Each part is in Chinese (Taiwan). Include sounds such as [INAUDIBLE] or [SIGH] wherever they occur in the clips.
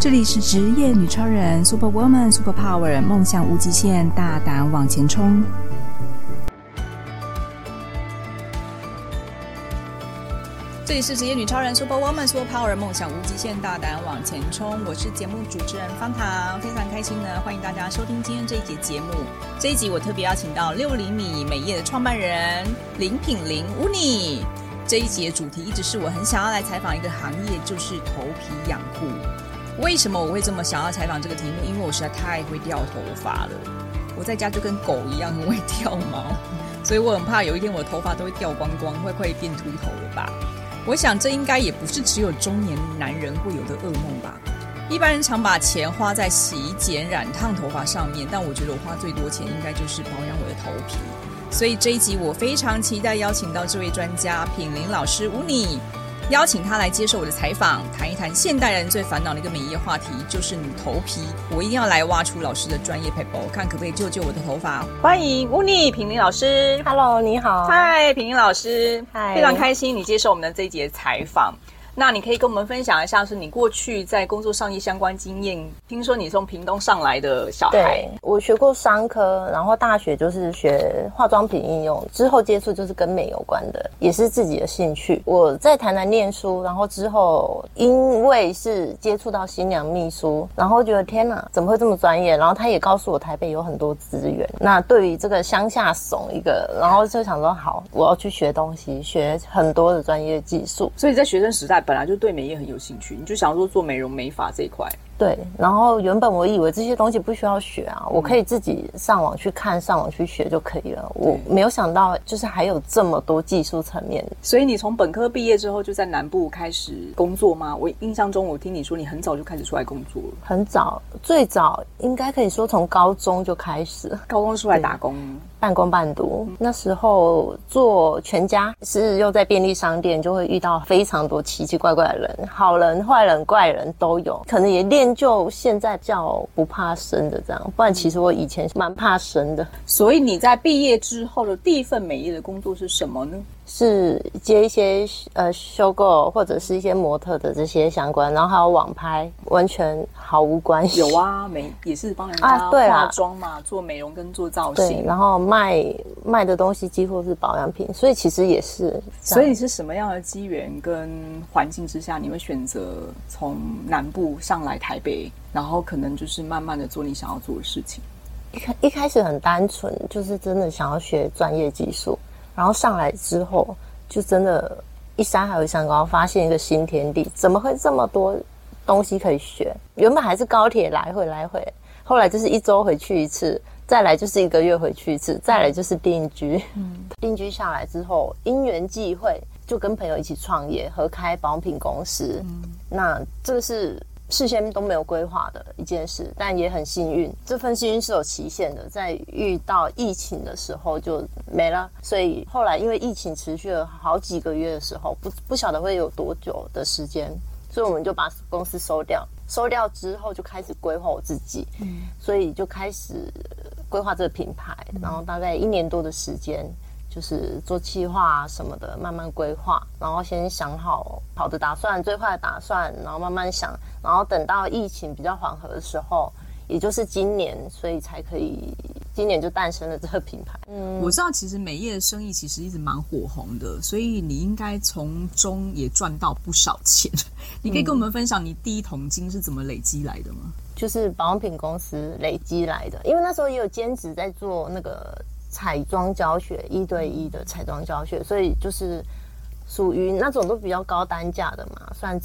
這裡是職業女超人 Super Woman Super Power，夢想無極限，大膽往前衝。這裡是職業女超人 Super Woman Super Power，夢想無極限，大膽往前衝。我是節目主持人方糖，非常開心呢，歡迎大家收聽今天這一節節目。這一集我特別邀請到六厘米美業的創辦人林品伶 UNI。這一集主題一直是我很想要來採訪一個行業，就是頭皮養護。為什麼我會這麼想要採訪這個題目？因為我實在太會掉頭髮了。我在家就跟狗一樣，很會掉毛，所以我很怕有一天我的頭髮都會掉光光，會快變禿頭了吧。我想這應該也不是只有中年男人會有的噩夢吧。一般人常把錢花在洗、剪、染、燙頭髮上面，但我覺得我花最多錢應該就是保養我的頭皮。所以這一集我非常期待邀請到這位專家品伶老師 UNI。邀請他來接受我的採訪，談一談現代人最煩惱的一個美麗話題，就是你頭皮。我一定要來挖出老師的專業配 a 看可不可以救救我的頭髮。歡迎烏尼平林老師，Hello，你好。嗨，平林老師，嗨，非常開心你接受我們的這一節採訪。那你可以跟我們分享一下，是你過去在工作上一相關經驗？聽說你從屏東上來的小孩，我學過商科，然後大學就是學化妝品應用，之後接觸就是跟美有關的，也是自己的興趣。我在台南念書，然後之後因為是接觸到新娘秘書，然後覺得天哪、啊，怎麼會這麼專業？然後他也告訴我，台北有很多資源。那對於這個鄉下慫一個，然後就想說，好，我要去學東西，學很多的專業技術。所以在學生時代。本來就對美業很有興趣，你就想說做美容美髮這一塊。對，然後原本我以為這些東西不需要學啊，嗯、我可以自己上網去看，上網去學就可以了。對我沒有想到，就是還有這麼多技術層面。所以你從本科畢業之後就在南部開始工作嗎？我印象中，我聽你說你很早就開始出來工作了。很早，最早應該可以說從高中就開始，高中出來打工，半工半讀。嗯、那時候做全家是又在便利商店，就會遇到非常多奇奇怪怪的人，好人、壞人、怪人都有可能也練。就現在叫不怕生的這樣，不然其實我以前蠻怕生的。嗯。所以你在畢業之後的第一份美業的工作是什麼呢？是接一些呃收購或者是一些模特的這些相關，然後還有網拍，完全毫無關係。有啊，美也是幫人家化妝嘛，啊啊、做美容跟做造型，然後賣賣的東西幾乎是保養品，所以其實也是。所以是什麼樣的機緣跟環境之下，你會選擇從南部上來台北，然後可能就是慢慢的做你想要做的事情？一一開始很單純，就是真的想要學專業技術。然後上來之後，就真的一山還有一山高，發現一個新天地。怎麼會這麼多東西可以學？原本還是高鐵來回來回，後來就是一周回去一次，再來就是一個月回去一次，再來就是定居。嗯、定居下來之後，因緣際會，就跟朋友一起創業，合開保品公司。嗯、那這、就是。事先都沒有規劃的一件事，但也很幸運，這份幸運是有期限的，在遇到疫情的時候就沒了。所以後來因為疫情持續了好幾個月的時候，不不曉得會有多久的時間，所以我們就把公司收掉。收掉之後就開始規劃我自己，嗯。所以就開始規劃這個品牌，然後大概一年多的時間。就是做計劃什麼的，慢慢規劃，然後先想好好的打算，最壞的打算，然後慢慢想，然後等到疫情比較緩和的時候，也就是今年，所以才可以今年就誕生了這個品牌。嗯，我知道，其實美業的生意其實一直蠻火紅的，所以你應該從中也賺到不少錢。 [LAUGHS] 你可以跟我們分享你第一桶金是怎麼累積來的嗎？就是保養品公司累積來的，因為那時候也有兼職在做那個。彩妝教學，一對一的彩妝教學，所以就是屬於那種都比較高單價的嘛，算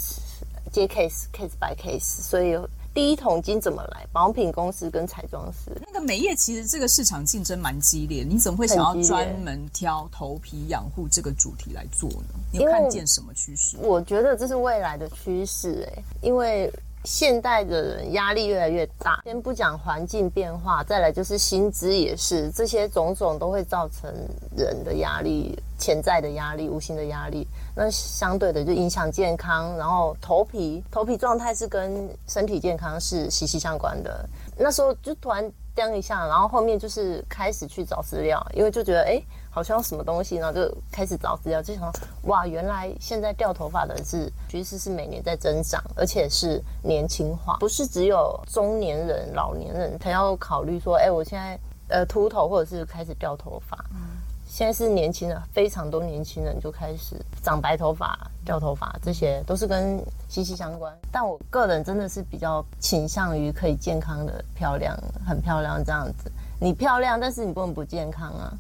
接 case case by case。所以第一桶金怎麼來？保養品公司跟彩妝師。那個美業其實這個市場競爭蠻激烈，你怎麼會想要專門挑頭皮養護這個主題來做呢？你有看見什麼趨勢？我覺得這是未來的趨勢哎，因為。現代的人壓力越來越大，先不講環境變化，再來就是薪資也是，這些種種都會造成人的壓力，潛在的壓力、無形的壓力。那相對的就影響健康，然後頭皮、頭皮狀態是跟身體健康是息息相關的。那時候就突然掉一下，然後後面就是開始去找資料，因為就覺得哎。欸好像什麼東西呢，就開始找資料，就想到哇，原來現在掉頭髮的人是其實是每年在增長，而且是年輕化，不是只有中年人、老年人才要考慮說，哎、欸，我現在呃禿頭或者是開始掉頭髮，嗯，現在是年輕人，非常多年輕人就開始長白頭髮、掉頭髮，這些都是跟息息相關。但我個人真的是比較傾向於可以健康的、漂亮、很漂亮這樣子。你漂亮，但是你不能不健康啊。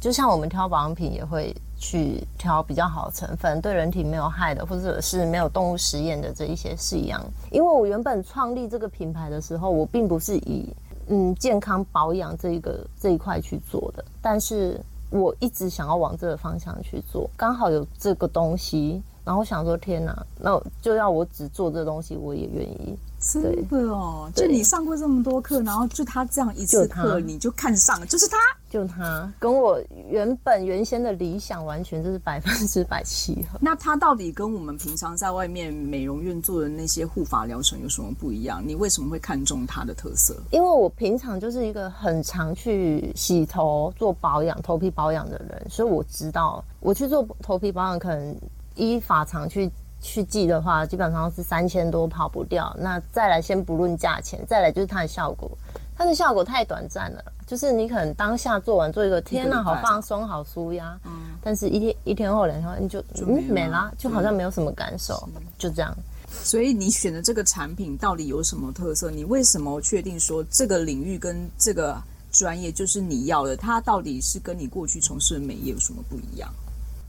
就像我們挑保養品也會去挑比較好的成分，對人體沒有害的，或者是沒有動物實驗的這一些是一樣。因為我原本創立這個品牌的時候，我並不是以，嗯，健康保養這一個，這一塊去做的，但是我一直想要往這個方向去做，剛好有這個東西。然後我想說，天哪，那就要我只做這東西，我也願意。真的哦，對就你上過這麼多課，然後就他這樣一次課，就他你就看上了，就是他，就他跟我原本原先的理想完全就是百分之百契合。 [LAUGHS] 那他到底跟我們平常在外面美容院做的那些護髮療程有什麼不一樣？你為什麼會看中他的特色？因為我平常就是一個很常去洗頭、做保養、頭皮保養的人，所以我知道我去做頭皮保養可能。依法常去去記的話，基本上是三千多跑不掉。那再來，先不論價錢，再來就是它的效果，它的效果太短暫了。就是你可能當下做完做一個，天吶，好放鬆，好舒壓。嗯。但是一天一天後兩天後你就嗯沒啦，就好像沒有什麼感受，就這樣。所以你選的這個產品到底有什麼特色？你為什麼確定說這個領域跟這個專業就是你要的？它到底是跟你過去從事的美業有什麼不一樣？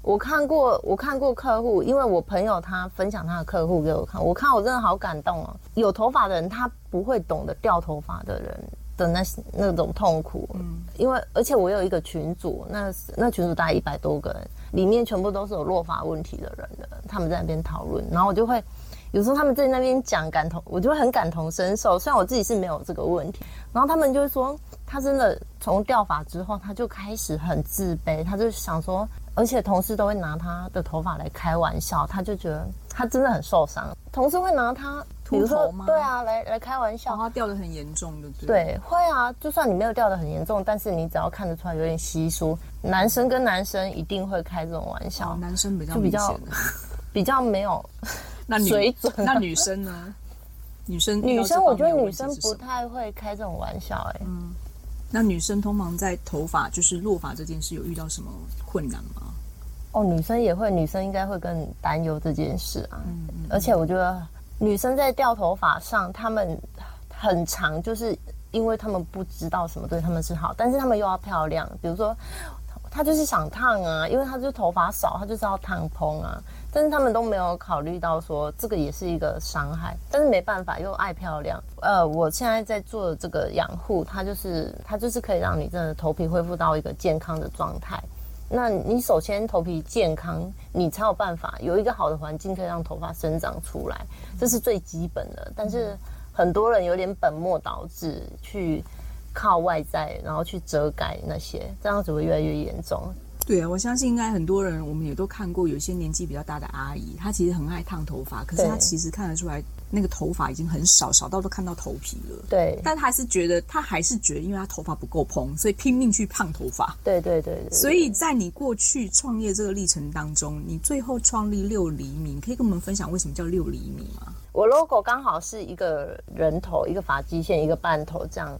我看過，我看過客戶，因為我朋友他分享他的客戶給我看，我看我真的好感動哦、喔。有頭髮的人他不會懂得掉頭髮的人的那那種痛苦，嗯，因為而且我有一個群組，那那群組大概一百多個人，裡面全部都是有落髮問題的人的，他們在那邊討論，然後我就會有時候他們在那邊講感同，我就會很感同身受，雖然我自己是沒有這個問題，然後他們就說，他真的從掉髮之後，他就開始很自卑，他就想說。而且同事都會拿他的頭髮來開玩笑，他就覺得他真的很受傷。同事會拿他，比如說禿頭嗎？對啊，來來開玩笑，哦、他掉的很嚴重的對，對，會啊。就算你沒有掉的很嚴重，但是你只要看得出來有點稀疏，男生跟男生一定會開這種玩笑，哦、男生比較明顯、啊、比較呵呵比較沒有 [LAUGHS] 那女水準、啊。那女生呢？女生女生，我覺得女生不太會開這種玩笑、欸，哎，嗯。那女生通常在頭髮就是落髮這件事有遇到什麼困難嗎？哦，女生也會，女生應該會更擔憂這件事啊。嗯，嗯，而且我覺得女生在掉頭髮上，她們很常，就是，因為他們不知道什麼對他們是好，嗯、但是他們又要漂亮，比如說，她就是想燙啊，因為她就頭髮少，她就是要燙蓬啊。但是他們都沒有考慮到說，這個也是一個傷害，但是沒辦法，又愛漂亮。呃，我現在在做的這個養護，它就是它就是可以讓你的頭皮恢復到一個健康的狀態。那你首先頭皮健康，你才有辦法有一個好的環境可以讓頭髮生長出來，嗯、這是最基本的。但是很多人有點本末倒置，去靠外在然後去遮蓋那些，這樣只會越來越嚴重。嗯對啊，我相信應該很多人，我們也都看過，有些年紀比較大的阿姨，她其實很愛燙頭髮，可是她其實看得出來，對那個頭髮已經很少，少到都看到頭皮了。對，但還是覺得，她還是覺得，因為她頭髮不夠蓬，所以拼命去燙頭髮。對對，對對對對。所以在你過去創業這個歷程當中，你最後創立六厘米，可以跟我們分享為什麼叫六厘米嗎？我 logo 剛好是一個人頭，一個髮際線，一個半頭這樣。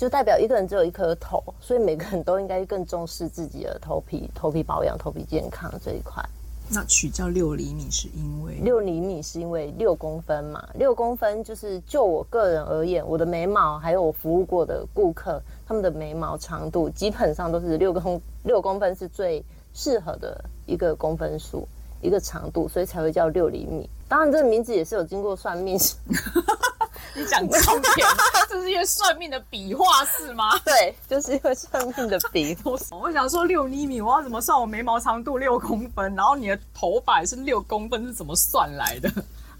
就代表一個人只有一顆頭，所以每個人都應該更重視自己的頭皮、頭皮保養、頭皮健康這一塊。那取叫六厘米是因為六厘米是因為六公分嘛？六公分就是就我個人而言，我的眉毛還有我服務過的顧客，他們的眉毛長度基本上都是六公六公分是最適合的一個公分數一個長度，所以才會叫六厘米。當然，這個名字也是有經過算命。 [LAUGHS] 你講重點，這是因為算命的筆畫是嗎？對，就是因為算命的筆都是。我想說六釐米，我要怎麼算？我眉毛長度六公分，然後你的頭髮是六公分，是怎麼算來的？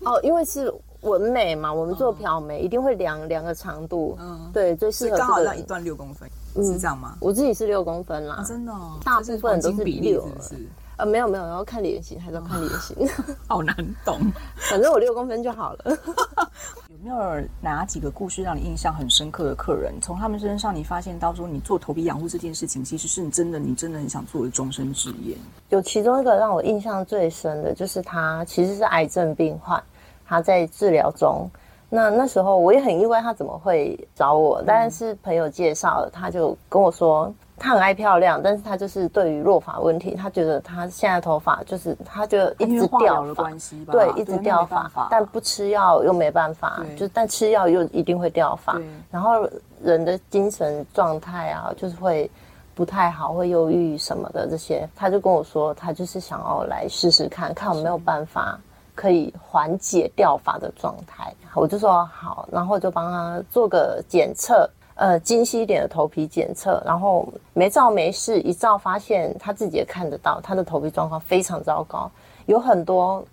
哦，因為是紋眉嘛，我們做漂眉一定會量兩個長度，嗯，對，就是剛好那一段六公分是這樣嗎？我自己是六公分啦，真的，大部分都是比例，是呃，沒有沒有，要看臉型，還是要看臉型？好難懂，反正我六公分就好了。有沒有哪幾個故事讓你印象很深刻的客人？從他們身上，你發現到說，你做頭皮養護這件事情，其實是你真的，你真的很想做的終身職業。有，其中一個讓我印象最深的，就是他其實是癌症病患，他在治療中。那那時候我也很意外，他怎麼會找我？嗯、但是朋友介紹的，他就跟我說。他很愛漂亮，但是他就是對於落髮問題，他覺得他現在頭髮就是，他就一直掉髮，對，一直掉髮，但不吃藥又沒辦法，對就但吃藥又一定會掉髮。對然後人的精神狀態啊，就是會不太好，會憂鬱什麼的這些，他就跟我說，他就是想要來試試看看有沒有辦法可以緩解掉髮的狀態。對我就說好，然後就幫他做個檢測。呃，精細一點的頭皮檢測，然後沒照沒事，一照發現他自己也看得到，他的頭皮狀況非常糟糕，有很多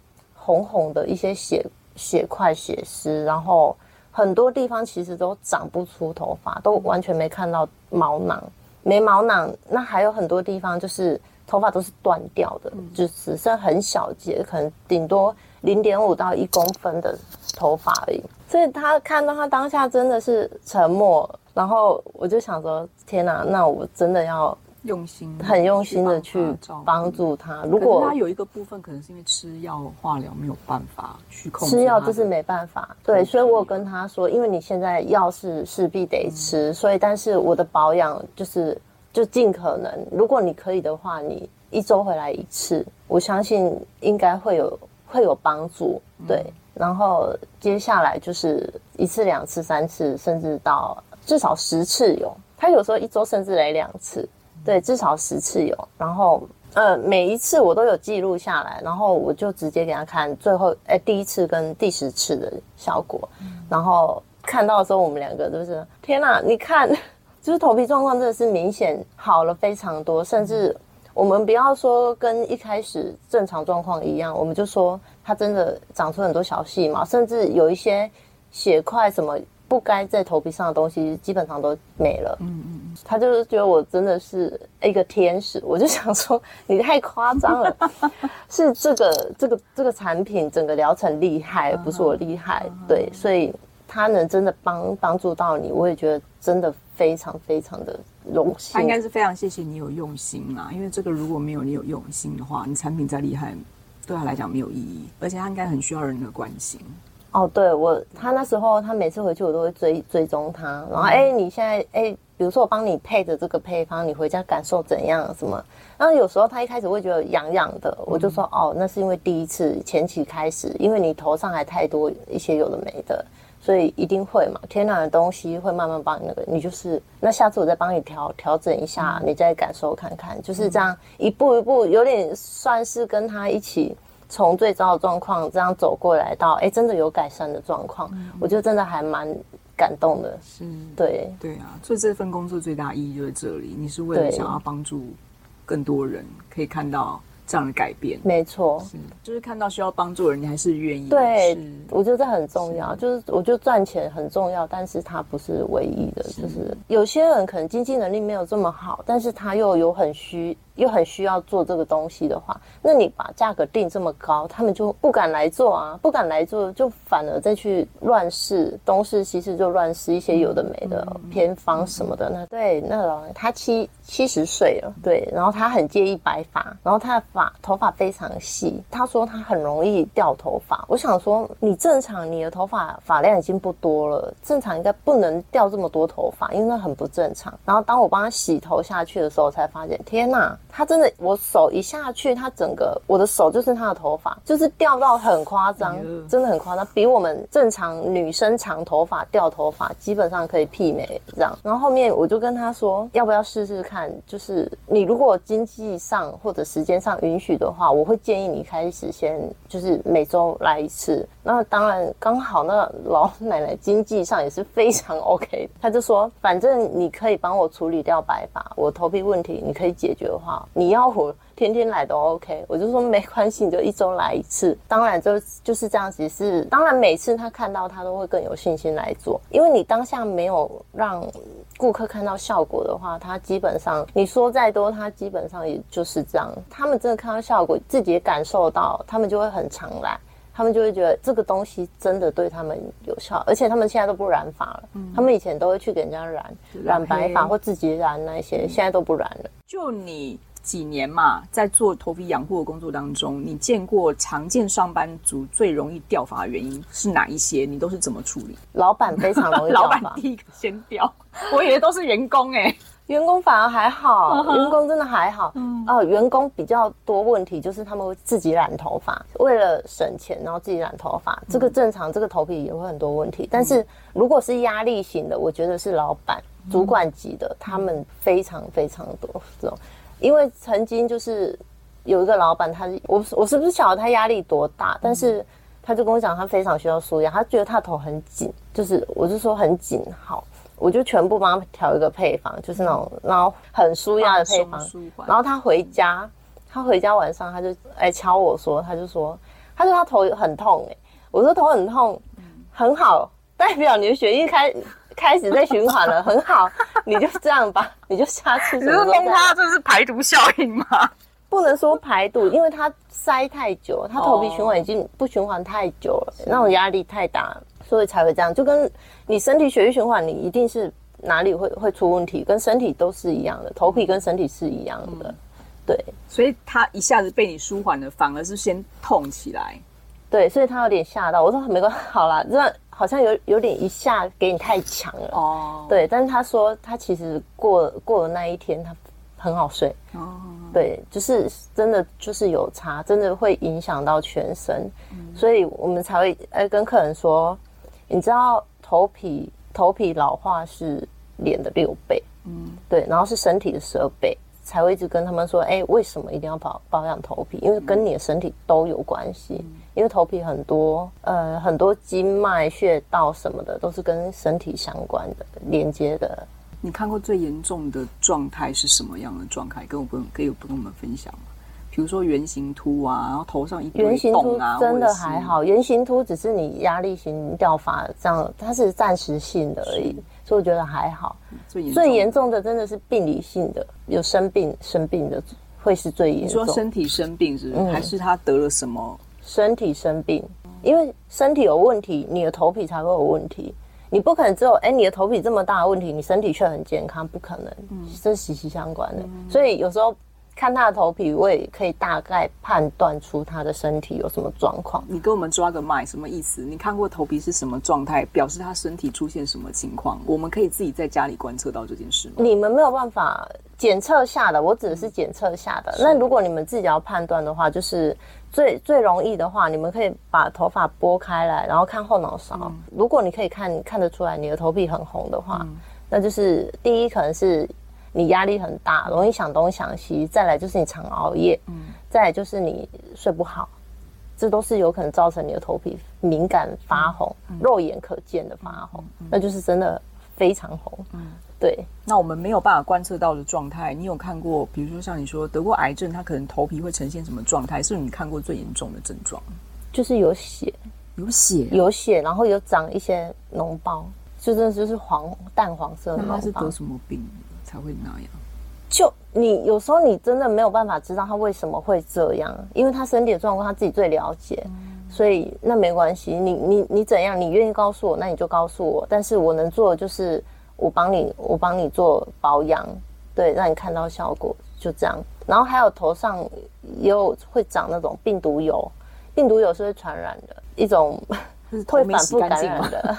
紅紅的一些血血塊、血絲，然後很多地方其實都長不出頭髮，嗯、都完全沒看到毛囊，沒毛囊，那還有很多地方就是頭髮都是斷掉的，嗯、就只剩很小節，可能頂多零點五到一公分的頭髮而已。所以他看到他當下真的是沉默，然後我就想說：天哪，那我真的要用心，很用心的去幫助他。如果他有一個部分，可能是因為吃藥化療沒有辦法去控制，吃藥就是沒辦法。對，所以我有跟他說，因為你現在藥是勢必得吃，所以但是我的保養就是就盡可能，如果你可以的話，你一周回來一次，我相信應該會有。會有幫助，對。然後接下來就是一次、兩次、三次，甚至到至少十次有。他有時候一周甚至來兩次，對，至少十次有，然後呃，每一次我都有記錄下來，然後我就直接給他看最後哎、欸、第一次跟第十次的效果。然後看到的時候，我們兩個、就是不是天哪、啊？你看，就是頭皮狀況真的是明顯好了非常多，甚至。我們不要說跟一開始正常狀況一樣，我們就說它真的長出很多小細毛，甚至有一些血塊什麼不該在頭皮上的東西基本上都沒了。嗯嗯嗯，他就是覺得我真的是一個天使，我就想說你太誇張了， [LAUGHS] 是這個這個這個產品整個療程厲害，不是我厲害。嗯嗯對，所以它能真的幫幫助到你，我也覺得真的非常非常的。他應該是非常謝謝你有用心啦，因為這個如果沒有你有用心的話，你產品再厲害，對他來講沒有意義。而且他應該很需要人的關心。嗯、哦，對我，他那時候他每次回去我都會追追蹤他，然後哎、欸、你現在哎、欸，比如說我幫你配的這個配方，你回家感受怎樣？什麼？然後有時候他一開始會覺得癢癢的，嗯、我就說哦，那是因為第一次前期開始，因為你頭上還太多一些有的沒的。所以一定會嘛，天然的東西會慢慢幫你那個。你就是那下次我再幫你調調整一下，嗯、你再感受看看，就是這樣、嗯、一步一步，有點算是跟他一起從最早的狀況這樣走過來到哎、欸，真的有改善的狀況，嗯、我覺得真的還蠻感動的。是，對，對啊，所以這份工作最大意義就是這裡，你是為了想要幫助更多人對可以看到。這樣的改變，沒錯，是，就是看到需要幫助的人，你還是願意。對，我覺得這很重要。是，就是我覺得賺錢很重要，但是它不是唯一的。是，就是有些人可能經濟能力沒有這麼好，但是他又有很需又很需要做這個東西的話，那你把價格定這麼高，他們就不敢來做啊，不敢來做，就反而再去亂試東試西試，就亂試一些有的沒的偏方什麼的。嗯、那對，那老、個、他七七十歲了，對，然後他很介意白髮，然後他。髮頭髮非常細，他說他很容易掉頭髮。我想說，你正常，你的頭髮髮量已經不多了，正常應該不能掉這麼多頭髮，因為那很不正常。然後當我幫他洗頭下去的時候，才發現，天哪，他真的，我手一下去，他整個我的手就是他的頭髮，就是掉到很誇張，真的很誇張，比我們正常女生長頭髮掉頭髮基本上可以媲美這樣。然後後面我就跟他說，要不要試試看？就是你如果經濟上或者時間上。允許的話，我會建議你開始先就是每周來一次。那當然剛好，那老奶奶經濟上也是非常 OK 的，她就說反正你可以幫我處理掉白髮，我頭皮問題你可以解決的話，你要我。天天來都 OK，我就說沒關係，你就一周來一次。當然就就是這樣子是，當然每次他看到他都會更有信心來做，因為你當下沒有讓顧客看到效果的話，他基本上你說再多，他基本上也就是這樣。他們真的看到效果，自己也感受到，他們就會很常來，他們就會覺得這個東西真的對他們有效，而且他們現在都不染髮了，嗯、他們以前都會去給人家染染白髮或自己染那些，嗯、現在都不染了。就你。幾年嘛，在做頭皮養護的工作當中，你見過常見上班族最容易掉髮的原因是哪一些？你都是怎麼處理？老闆非常容易掉髮， [LAUGHS] 老闆第一個先掉。 [LAUGHS] 我以為都是員工哎、欸，員工反而還好， [LAUGHS] 員工真的還好。嗯，哦，員工比較多問題，就是他們會自己染頭髮，為了省錢，然後自己染頭髮，嗯、這個正常，這個頭皮也會很多問題。嗯、但是如果是壓力型的，我覺得是老闆、嗯、主管級的，他們非常非常多這種。因為曾經就是有一個老闆，他我我是不是曉得他壓力多大？嗯、但是他就跟我講，他非常需要舒壓，他覺得他頭很緊，就是我就說很緊。好，我就全部幫他調一個配方，就是那種、嗯、然後很舒壓的配方。舒緩。然後他回家，他回家晚上他就哎、欸、敲我說，他就說，他說他頭很痛，欸。哎，我說頭很痛，嗯、很好，代表你血液開開始在循環了， [LAUGHS] 很好，你就這樣吧， [LAUGHS] 你就下去。你是弄它這是排毒效應嗎？不能說排毒，因為它塞太久，它頭皮循環已經不循環太久了，哦、那種壓力太大，所以才會這樣。就跟你身體血液循環，你一定是哪裡會會出問題，跟身體都是一樣的，頭皮跟身體是一樣的，嗯、對。所以它一下子被你舒緩了，反而是先痛起來。對，所以它有點嚇到。我說沒關係，好啦。這。好像有有點一下給你太強了，oh. 對。但是他說他其實過過了那一天，他很好睡。Oh. 對，就是真的就是有差，真的會影響到全身，嗯、所以我們才會跟客人說，你知道頭皮頭皮老化是臉的六倍，嗯，對，然後是身體的十二倍，才會一直跟他們說，哎、欸，為什麼一定要保保養頭皮？因為跟你的身體都有關係。嗯嗯因為頭皮很多，呃，很多經脈、穴道什麼的，都是跟身體相關的連接的。你看過最嚴重的狀態是什麼樣的狀態？跟我們可以有不跟我們分享嗎？比如說圓形禿啊，然後頭上一堆洞啊，圓形禿真的還好。圓形禿只是你壓力型掉髮，這樣它是暫時性的而已，是所以我覺得還好。最嚴,最嚴重的真的是病理性的，有生病生病的會是最嚴重的。你說身體生病是，不是，嗯，還是他得了什麼？身體生病，因為身體有問題，你的頭皮才會有問題。你不可能只有誒、欸，你的頭皮這麼大的問題，你身體卻很健康，不可能，嗯、這是息息相關的。嗯、所以有時候看他的頭皮，我也可以大概判斷出他的身體有什麼狀況。你跟我們抓個脈什麼意思？你看過頭皮是什麼狀態，表示他身體出現什麼情況？我們可以自己在家裡觀測到這件事嗎？你們沒有辦法檢測下的，我指的是檢測下的。嗯、那如果你們自己要判斷的話，就是。最最容易的話，你們可以把頭髮撥開來，然後看後腦勺。嗯、如果你可以看看得出來，你的頭皮很紅的話，嗯、那就是第一可能是你壓力很大，容易想東想西；再來就是你常熬夜，嗯、再來就是你睡不好，這都是有可能造成你的頭皮敏感發紅，嗯、肉眼可見的發紅，嗯嗯嗯、那就是真的非常紅。嗯對，那我們沒有辦法觀測到的狀態，你有看過，比如說像你說得過癌症，他可能頭皮會呈現什麼狀態？是你看過最嚴重的症狀，就是有血，有血、啊，有血，然後有長一些膿包，就真的就是黃、淡黃色的膿包。他是得什麼病才會那樣？就你有時候你真的沒有辦法知道他為什麼會這樣，因為他身體的狀況他自己最了解，嗯、所以那沒關係，你你你怎樣，你願意告訴我，那你就告訴我，但是我能做的就是。我幫你，我幫你做保養，對，讓你看到效果，就這樣。然後還有頭上也有會長那種病毒疣，病毒疣是會傳染的一種，會反覆感染的，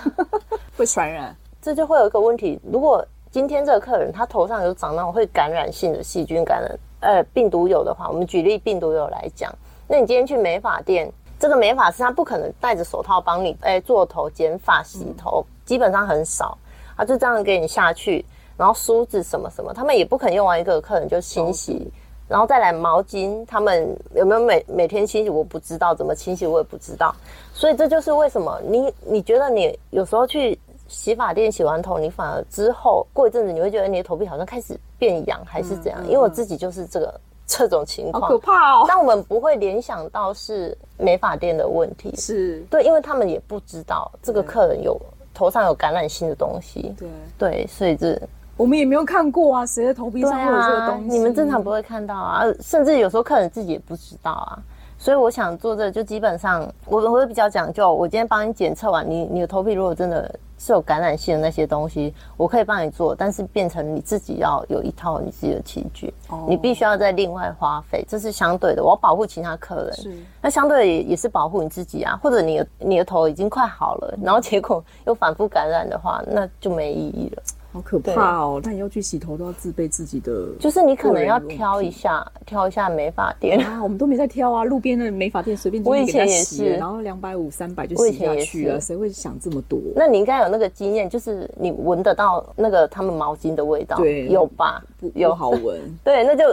會傳 [LAUGHS] 染。 [LAUGHS] 這就會有一個問題：如果今天這個客人他頭上有長那種會感染性的細菌感染，呃，病毒疣的話，我們舉例病毒疣來講，那你今天去美髮店，這個美髮師他不可能戴着手套幫你哎、欸、做頭剪髮洗頭，嗯、基本上很少。他就這樣給你下去，然後梳子、什麼什麼，他們也不肯用完一個客人就清洗，Okay. 然後再來毛巾，他們有沒有每每天清洗我不知道，怎麼清洗我也不知道。所以這就是為什麼你你覺得你有時候去洗髮店洗完頭，你反而之後過一陣子你會覺得你的頭皮好像開始變癢、嗯、還是怎樣？嗯、因為我自己就是這個這種情況，好可怕哦！但我們不會聯想到是美髮店的問題，是對，因為他們也不知道這個客人有。頭上有感染性的東西，對對，所以這我們也沒有看過啊，誰的頭皮上會有這個東西啊？你們正常不會看到啊，甚至有時候客人自己也不知道啊。所以我想做這個，就基本上我我會比較講究。我今天幫你檢測完，你你的頭皮如果真的是有感染性的那些東西，我可以幫你做，但是變成你自己要有一套你自己的器具，哦、你必須要再另外花費，這是相對的。我要保護其他客人，是那相對也也是保護你自己啊。或者你你的頭已經快好了，嗯、然後結果又反覆感染的話，那就沒意義了。好可怕哦！那你要去洗頭都要自備自己的，就是你可能要挑一下，挑一下美髮店啊。我們都沒在挑啊，路邊的美髮店隨便我以前也是，然後兩百五三百就洗下去了，誰會想這麼多？那你應該有那個經驗，就是你聞得到那個他們毛巾的味道，對，有吧？有好聞，對，那就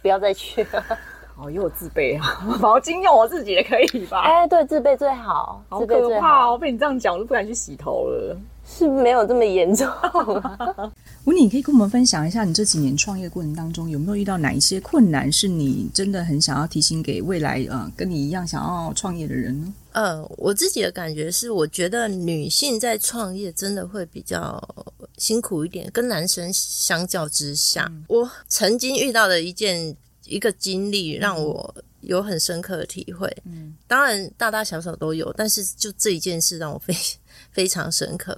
不要再去了。哦，又有自備啊！毛巾用我自己也可以吧？哎，對，自備最好。好可怕哦！被你這樣講，我都不敢去洗頭了。是沒有這麼嚴重。UNI， [LAUGHS] 你可以跟我們分享一下，你這幾年創業過程當中有沒有遇到哪一些困難？是你真的很想要提醒給未來呃，跟你一樣想要創業的人呢？呃，我自己的感覺是，我覺得女性在創業真的會比較辛苦一點，跟男生相較之下。嗯，我曾經遇到的一件一個經歷，讓我有很深刻的體會，嗯，當然大大小小都有，但是就這一件事讓我非非常深刻。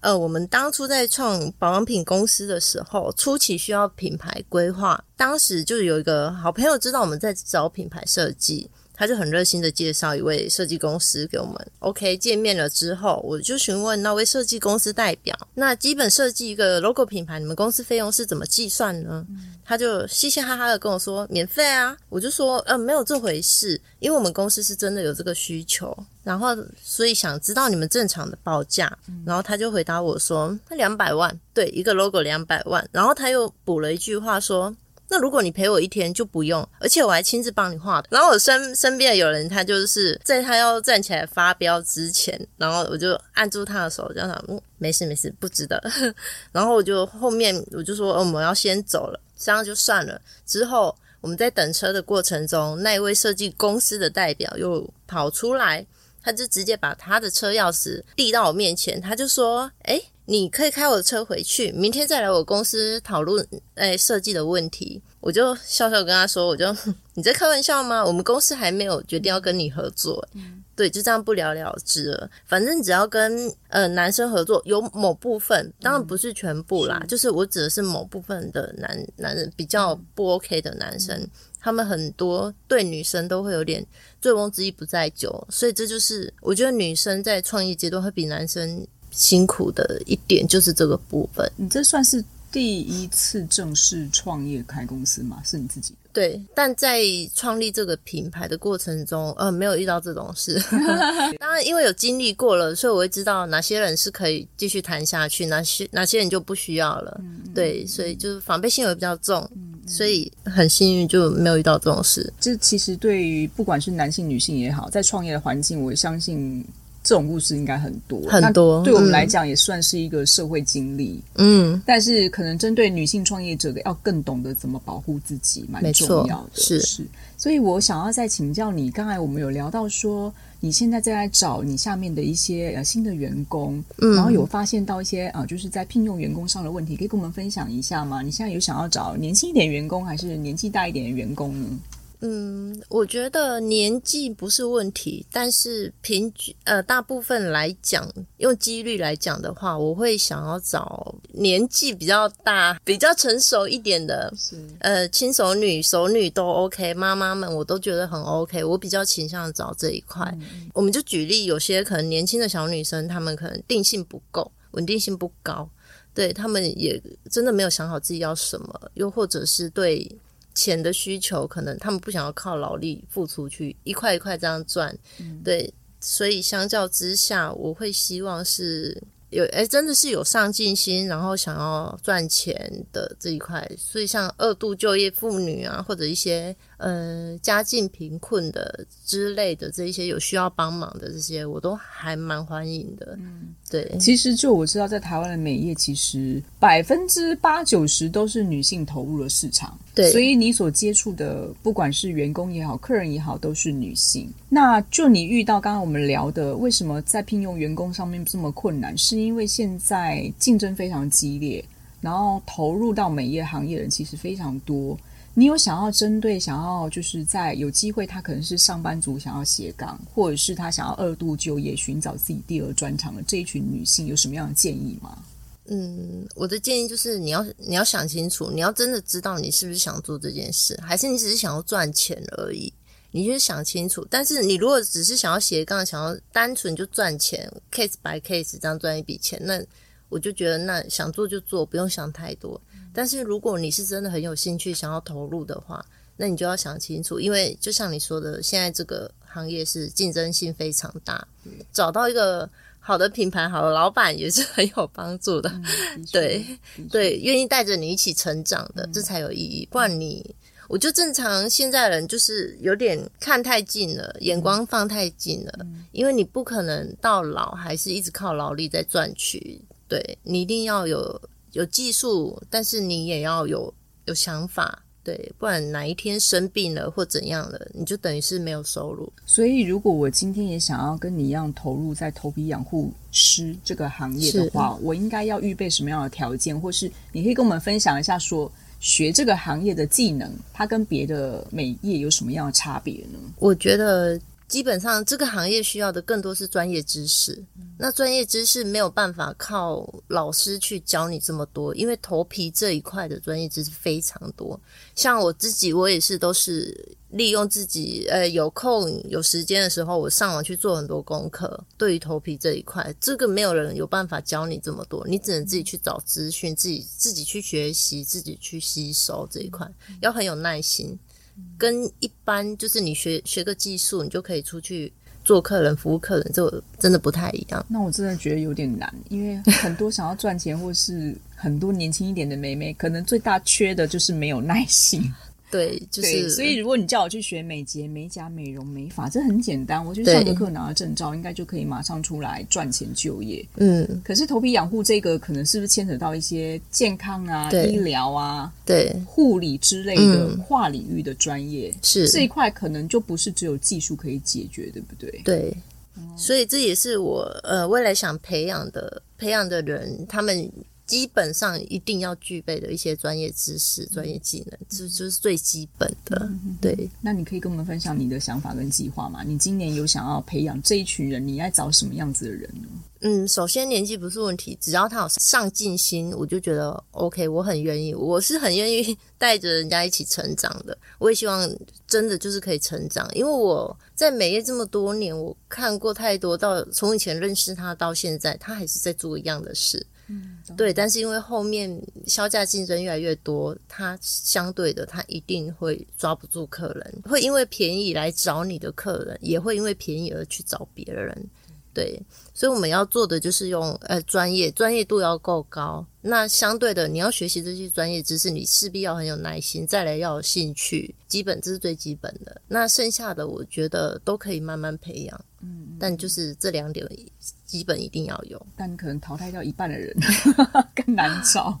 呃，我們當初在創保養品公司的時候，初期需要品牌規劃，當時就有一個好朋友知道我們在找品牌設計。他就很熱心的介紹一位設計公司給我們，OK，見面了之後，我就詢問那位設計公司代表，那基本設計一個 logo 品牌，你們公司費用是怎麼計算呢？嗯、他就嘻嘻哈哈的跟我說免費啊，我就說嗯、呃、沒有這回事，因為我們公司是真的有這個需求，然後所以想知道你們正常的報價，嗯、然後他就回答我說他兩百萬，對，一個 logo 兩百萬，然後他又補了一句話說。那如果你陪我一天就不用，而且我還親自幫你畫的。然後我身身邊有人，他就是在他要站起來發飆之前，然後我就按住他的手，叫他嗯，沒事沒事，不值得。 [LAUGHS] 然後我就後面我就說，哦，我們要先走了，這樣就算了。之後我們在等車的過程中，那一位設計公司的代表又跑出來，他就直接把他的車鑰匙遞到我面前，他就說：“哎，你可以開我的車回去，明天再來我公司討論誒，設計的問題。”我就笑笑跟他說：“我就你在開玩笑嗎？我們公司還沒有決定要跟你合作。嗯”對，就這樣不了了之了。反正只要跟呃男生合作，有某部分當然不是全部啦，嗯、是就是我指的是某部分的男男人比較不 OK 的男生。嗯嗯他們很多對女生都會有點醉翁之意不在酒，所以這就是我覺得女生在創業階段會比男生辛苦的一點，就是這個部分。你這算是。第一次正式創業開公司嘛，是你自己的對，但在創立這個品牌的過程中，呃，沒有遇到這種事。 [LAUGHS] 對當然，因為有經歷過了，所以我會知道哪些人是可以繼續談下去，哪些哪些人就不需要了。嗯、對，所以就是防備心也比較重，嗯、所以很幸運就沒有遇到這種事。這其實對於不管是男性女性也好，在創業的環境，我相信。這種故事應該很多，很多。對我們來講也算是一個社會經歷。嗯，但是可能針對女性創業者的，要更懂得怎麼保護自己，沒錯，蠻重要的。是是。是，所以我想要再請教你，剛才我們有聊到說，你現在正在找你下面的一些呃新的員工，嗯、然後有發現到一些啊，就是在聘用員工上的問題，可以跟我們分享一下嗎？你現在有想要找年輕一點的員工，還是年紀大一點的員工呢？嗯，我覺得年紀不是問題，但是平均呃，大部分來講，用幾率來講的話，我會想要找年紀比較大、比較成熟一點的，是呃，輕熟女、熟女都 OK，媽媽們我都覺得很 OK。我比較傾向找這一塊。嗯、我們就舉例，有些可能年輕的小女生，她們可能定性不夠，穩定性不高，對她們也真的沒有想好自己要什麼，又或者是對。錢的需求，可能他們不想要靠勞力付出去，一塊一塊這樣賺，嗯、對，所以相較之下，我會希望是。有哎、欸，真的是有上進心，然後想要賺錢的這一塊，所以像二度就業婦女啊，或者一些嗯、呃、家境貧困的之類的這一些有需要幫忙的這些，我都還蠻歡迎的。嗯，對。其實就我知道，在台灣的美業，其實百分之八九十都是女性投入了市場。對。所以你所接觸的，不管是員工也好，客人也好，都是女性。那就你遇到剛剛我們聊的，為什麼在聘用員工上面這麼困難，是因為？因為現在競爭非常激烈，然後投入到美業行業的人其實非常多。你有想要針對想要就是在有機會，他可能是上班族想要斜槓，或者是他想要二度就業尋找自己第二專長的這一群女性，有什麼樣的建議嗎？嗯，我的建議就是你要你要想清楚，你要真的知道你是不是想做這件事，還是你只是想要賺錢而已。你就想清楚，但是你如果只是想要斜槓，想要單純就賺錢，case by case 這樣賺一筆錢，那我就覺得那想做就做，不用想太多。嗯、但是如果你是真的很有興趣，想要投入的話，那你就要想清楚，因為就像你說的，現在這個行業是競爭性非常大，嗯、找到一個好的品牌，好的老板也是很有幫助的。嗯、對，必須，對，對，願意帶着你一起成長的，嗯、這才有意義。不然你。嗯我就正常，現在人就是有點看太近了，眼光放太近了，因為你不可能到老還是一直靠勞力在賺取，對，你一定要有有技術，但是你也要有有想法，對，不然哪一天生病了或怎樣了，你就等於是沒有收入。所以，如果我今天也想要跟你一樣投入在頭皮養護師這個行業的話，是我應該要預備什麼樣的條件，或是你可以跟我們分享一下說。學這個行業的技能，它跟別的美業有什麼樣的差別呢？我覺得。基本上這個行業需要的更多是專業知識，嗯、那專業知識沒有辦法靠老師去教你這麼多，因為頭皮這一塊的專業知識非常多。像我自己，我也是都是利用自己呃有空有時間的時候，我上網去做很多功課。對於頭皮這一塊，這個沒有人有辦法教你這麼多，你只能自己去找資訊，自己自己去學習，自己去吸收這一塊，嗯、要很有耐心。跟一般就是你學學個技術，你就可以出去做客人服務客人，這個、真的不太一樣。那我真的覺得有點難，因為很多想要賺錢或是很多年輕一點的妹妹， [LAUGHS] 可能最大缺的就是沒有耐心。對，就是所以，如果你叫我去學美睫、美甲、美容、美髮，這很簡單，我去上個課拿了證照，對應該就可以馬上出來賺錢就業。嗯，可是頭皮養護這個，可能是不是牽扯到一些健康啊、對醫療啊、對護理之類的跨領域的專業？是、嗯、這一塊，可能就不是只有技術可以解決，對不對？對，嗯、所以這也是我呃未來想培養的培養的人，他們。基本上一定要具備的一些專業知識、專業技能，這、嗯、就，就是最基本的。嗯、對，那你可以跟我們分享你的想法跟計劃嗎？你今年有想要培養這一群人，你要找什麼樣子的人呢？嗯，首先年紀不是問題，只要他有上進心，我就覺得 OK。我很願意，我是很願意帶着人家一起成長的。我也希望真的就是可以成長，因為我在美業這麼多年，我看過太多，到從以前認識他到現在，他還是在做一樣的事。嗯，對，但是因為後面削價競爭越來越多，它相對的，它一定會抓不住客人，會因為便宜來找你的客人，也會因為便宜而去找別人。對，所以我們要做的就是用呃專業專業度要夠高。那相對的，你要學習這些專業知識，你勢必要很有耐心，再來要有興趣。基本這是最基本的。那剩下的我覺得都可以慢慢培養。嗯，嗯，但就是這兩點基本一定要有。但可能淘汰掉一半的人更難找，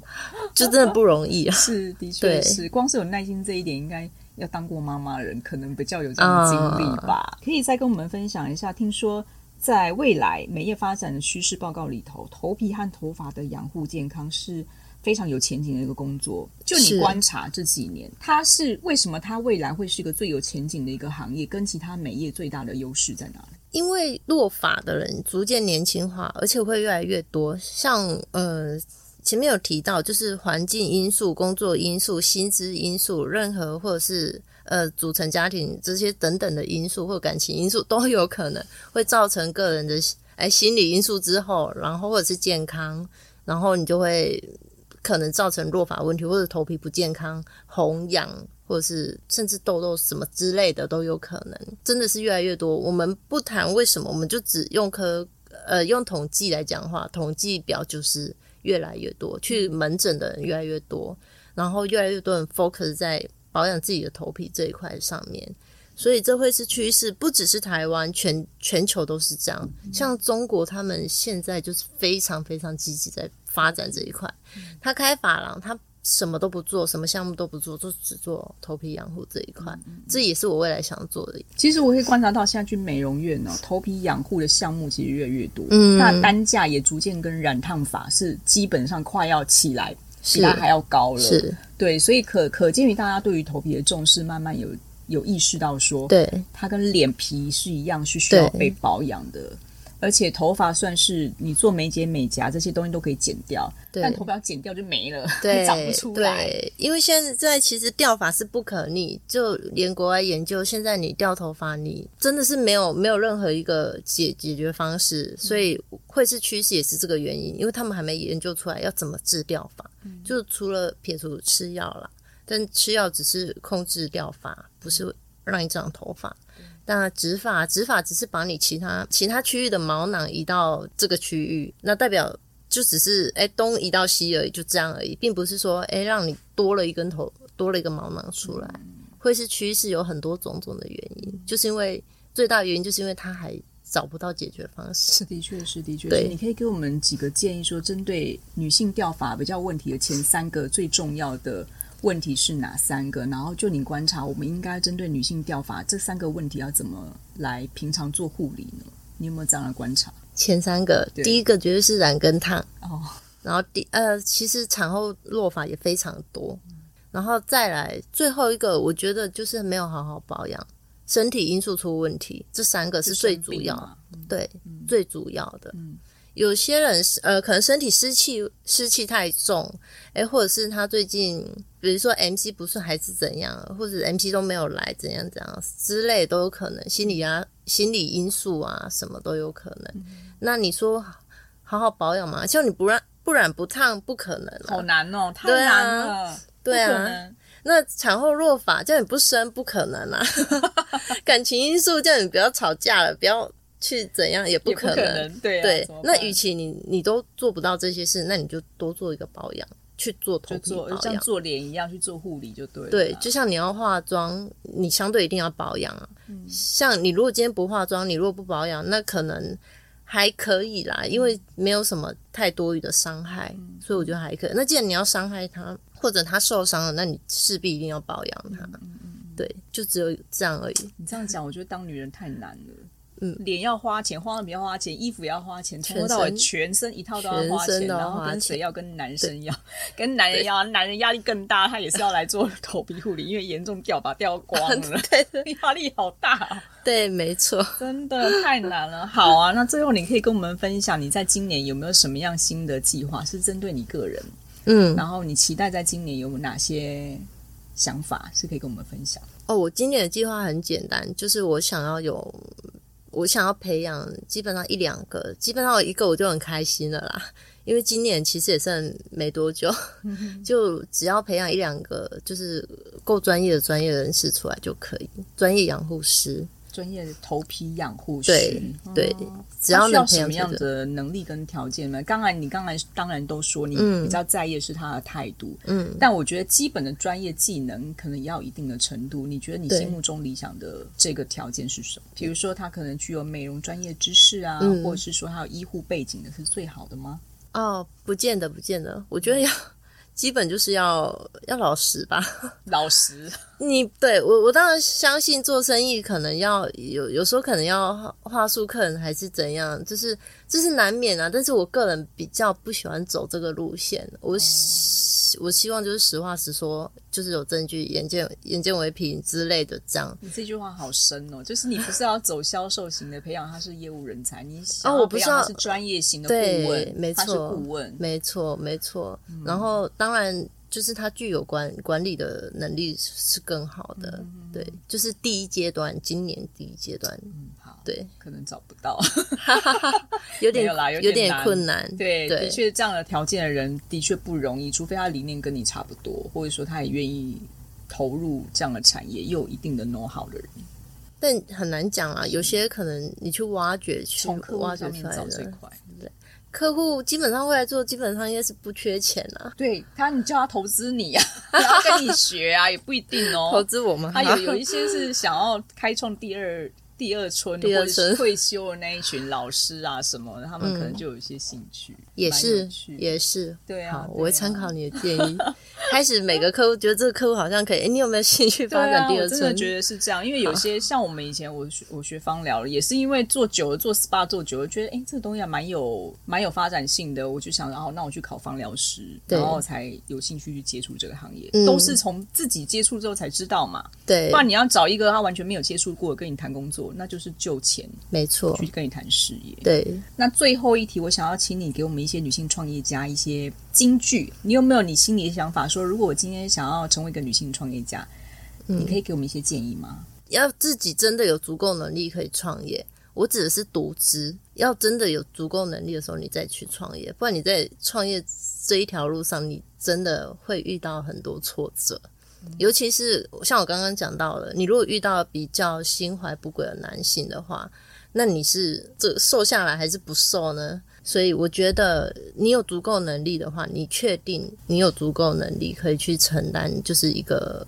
[LAUGHS] 潮就真的不容易啊。 [LAUGHS] 是，的確是。對光是有耐心這一點，應該要當過媽媽的人可能比較有這種經歷吧。啊、可以再跟我們分享一下，聽說。在未來美業發展的趨勢報告裡頭，頭皮和頭髮的養護健康是非常有前景的一個工作。就你觀察這幾年，是它是為什麼它未來會是一個最有前景的一個行業？跟其他美業最大的優勢在哪裡？因為落髮的人逐漸年輕化，而且會越來越多。像呃前面有提到，就是環境因素、工作因素、薪資因素，任何或者是。呃，組成家庭這些等等的因素或感情因素都有可能會造成個人的哎心理因素之後，然後或者是健康，然後你就會可能造成落髮問題，或者頭皮不健康、紅癢，或者是甚至痘痘什麼之類的都有可能。真的是越來越多。我們不談為什麼，我們就只用科呃用統計來講話，統計表就是越來越多去門診的人越來越多，然後越來越多人 focus 在。保養自己的頭皮這一塊上面，所以這會是趨勢，不只是台灣，全全球都是這樣。像中國，他們現在就是非常非常積極在發展這一塊。他開髮廊，他什麼都不做，什麼項目都不做，就只做頭皮養護這一塊。這也是我未來想做的。其實我可以觀察到，現在去美容院呢、哦，頭皮養護的項目其實越來越多，嗯、那單價也逐漸跟染燙髮是基本上快要起來。比它還要高了，是，是對，所以可可見於大家對於頭皮的重視，慢慢有有意識到說，對它跟臉皮是一樣，是需要被保養的。而且頭髮算是你做美睫美甲這些東西都可以剪掉，對但頭髮剪掉就沒了，對，長不出來。因為現在其實掉髮是不可逆，就連國外研究，現在你掉頭髮，你真的是沒有沒有任何一個解解決方式，所以會是趨勢也是這個原因，嗯、因為他們還沒研究出來要怎麼治掉髮，嗯、就除了撇除吃藥啦，但吃藥只是控制掉髮，不是讓你長頭髮。那植髮，植髮只是把你其他其他區域的毛囊移到這個區域，那代表就只是哎東移到西而已，就這樣而已，並不是說哎讓你多了一根頭，多了一個毛囊出來，會是趨勢有很多種種的原因，嗯、就是因為最大的原因就是因為它還找不到解決方式，是的確是的確是。對，你可以給我們幾個建議，說針對女性掉髮比較問題的前三個最重要的，問題是哪三個？然後就你觀察，我們應該針對女性掉髮這三個問題要怎麼來平常做護理呢？你有沒有這樣的觀察？前三個，對第一個絕對是染跟燙哦，然後第二呃，其實產後落髮也非常多，嗯、然後再來最後一個，我覺得就是沒有好好保養，身體因素出問題，這三個是最主要，對、嗯嗯、最主要的。嗯有些人是呃，可能身體濕氣濕氣太重，誒，或者是他最近比如說 M C 不順還是怎樣，或者 M C 都沒有來怎樣怎樣之類都有可能。心理啊，心理因素啊，什麼都有可能。嗯、那你說好好保養嘛，叫你不染不染不燙不可能，好難哦，太難了，對啊，對啊，那產後落髮叫你不生不可能啊，感情因素叫你不要吵架了，不要。去怎樣也不可能對。那與其你你都做不到這些事，那你就多做一個保養，去做頭皮保養，就做就像做臉一樣去做護理就對了。了。對，就像你要化妝，你相對一定要保養啊。嗯、像你如果今天不化妝，你如果不保養，那可能還可以啦，因為沒有什麼太多餘的傷害，嗯、所以我覺得還可以。那既然你要傷害他，或者他受傷了，那你勢必一定要保養他。嗯嗯嗯嗯對，就只有這樣而已。你這樣講，我覺得當女人太難了。嗯，臉要花錢，花了比較花錢；衣服要花錢，身從頭到尾全身一套都要花錢。花錢然後跟誰要跟男生要，對跟男人要，對男人壓力更大，他也是要來做頭皮護理， [LAUGHS] 因為嚴重掉，把掉光了， [LAUGHS] 對壓力好大啊。對，沒錯，真的太難了。好啊，那最後你可以跟我們分享，你在今年有沒有什麼樣新的計劃？是針對你個人？嗯，然後你期待在今年有哪些想法是可以跟我們分享？哦，我今年的計劃很簡單，就是我想要有。我想要培養基本上一兩個，基本上一個我就很開心了啦。因為今年其實也剩沒多久，嗯哼。就只要培養一兩個，就是夠專業的專業人士出來就可以，專業養護師。專業的頭皮養護師對、啊、只要需要什麼樣的能力跟條件呢？嗯、剛才你剛才當然都說你比較在意的是他的態度，嗯，但我覺得基本的專業技能可能也要一定的程度。你覺得你心目中理想的這個條件是什麼？對比如說他可能具有美容專業知識啊，嗯、或者是說他有醫護背景的是最好的嗎？哦，不見得，不見得，我覺得要。基本就是要要老實吧，老實。你對我，我當然相信做生意可能要有，有時候可能要話術客人還是怎樣，就是就是難免啊。但是我個人比較不喜歡走這個路線，我。嗯。我希望就是實話實說，就是有證據、眼見、眼見為憑之類的，這樣。你這句話好深哦，就是你不是要走銷售型的培養，他是業務人才。 [LAUGHS] 你哦，我不是要專業型的顧問，啊、是對沒錯，他是顧問，沒錯，沒錯。然後當然，就是他具有管管理的能力是更好的，嗯、對，就是第一階段，今年第一階段。嗯對，可能找不到， [LAUGHS] 有點， [LAUGHS] 有，有，點有點困難。對，對的確這樣的條件的人的確不容易，除非他理念跟你差不多，或者說他也願意投入這樣的產業，又有一定的 know-how 的人。但很難講啊，有些可能你去挖掘去，從是客戶上面找這一塊。對，客戶基本上未來做，基本上應該是不缺錢啊。對他，你叫他投資你啊， [LAUGHS] 他跟你學啊，也不一定哦。投資我們，他有有一些是想要開創第二。 [LAUGHS] 第二春或者是退休的那一群老師啊，什麼的，他們可能就有一些興趣。嗯。也是也是，對啊，我會參考你的建議。開始每個客戶覺得這個客戶好像可以，哎，你有沒有興趣發展第二層？真的覺得是這樣，因為有些像我們以前，我學我學芳療了，也是因為做久了做 SPA 做久了，覺得哎，這個東西還蠻有蠻有發展性的，我就想，然後那我去考芳療師，然後才有興趣去接觸這個行業。都是從自己接觸之後才知道嘛，對。不然你要找一個他完全沒有接觸過跟你談工作，那就是就錢，沒錯。去跟你談事業，對。那最後一題，我想要請你給我們。一些女性創業家一些金句，你有沒有你心裡的想法說？說如果我今天想要成為一個女性創業家，嗯、你可以給我們一些建議嗎？要自己真的有足夠能力可以創業，我指的是獨資。要真的有足夠能力的時候，你再去創業，不然你在創業這一條路上，你真的會遇到很多挫折。嗯、尤其是像我剛剛講到了，你如果遇到比較心懷不軌的男性的話，那你是這受下來還是不受呢？所以我覺得，你有足夠能力的話，你確定你有足夠能力可以去承擔，就是一個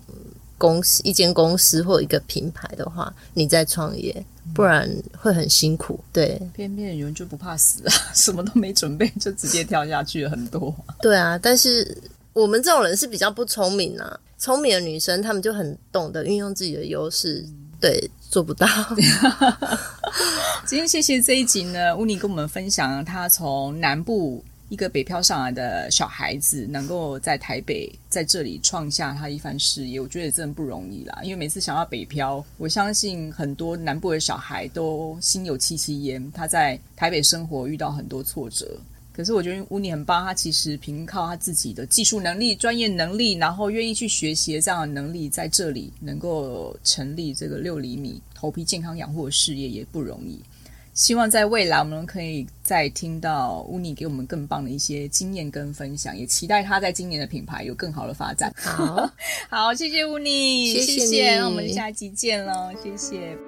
公司、一間公司或一個品牌的話，你再創業，不然會很辛苦。對，偏偏、嗯、有人就不怕死啊， [LAUGHS] 什麼都沒準備就直接跳下去了，很多。 [LAUGHS] 對啊，但是我們這種人是比較不聰明啊，聰明的女生她們就很懂得運用自己的優勢，嗯、對。做不到。 [LAUGHS] 今天謝謝這一集呢，UNI 跟我們分享他從南部一個北漂上來的小孩子，能夠在台北在這裡創下他一番事業，我覺得真的不容易啦。因為每次想到北漂，我相信很多南部的小孩都心有戚戚焉。他在台北生活遇到很多挫折。可是我覺得 UNI 很棒，他其實憑靠他自己的技術能力、專業能力，然後願意去學習這樣的能力，在這裡能夠成立這個六厘米頭皮健康養護的事業也不容易。希望在未來，我們可以再聽到 UNI 給我們更棒的一些經驗跟分享，也期待他在今年的品牌有更好的發展。好、啊， [LAUGHS] 好，謝謝 UNI，謝謝，我們下集見嘍，謝謝。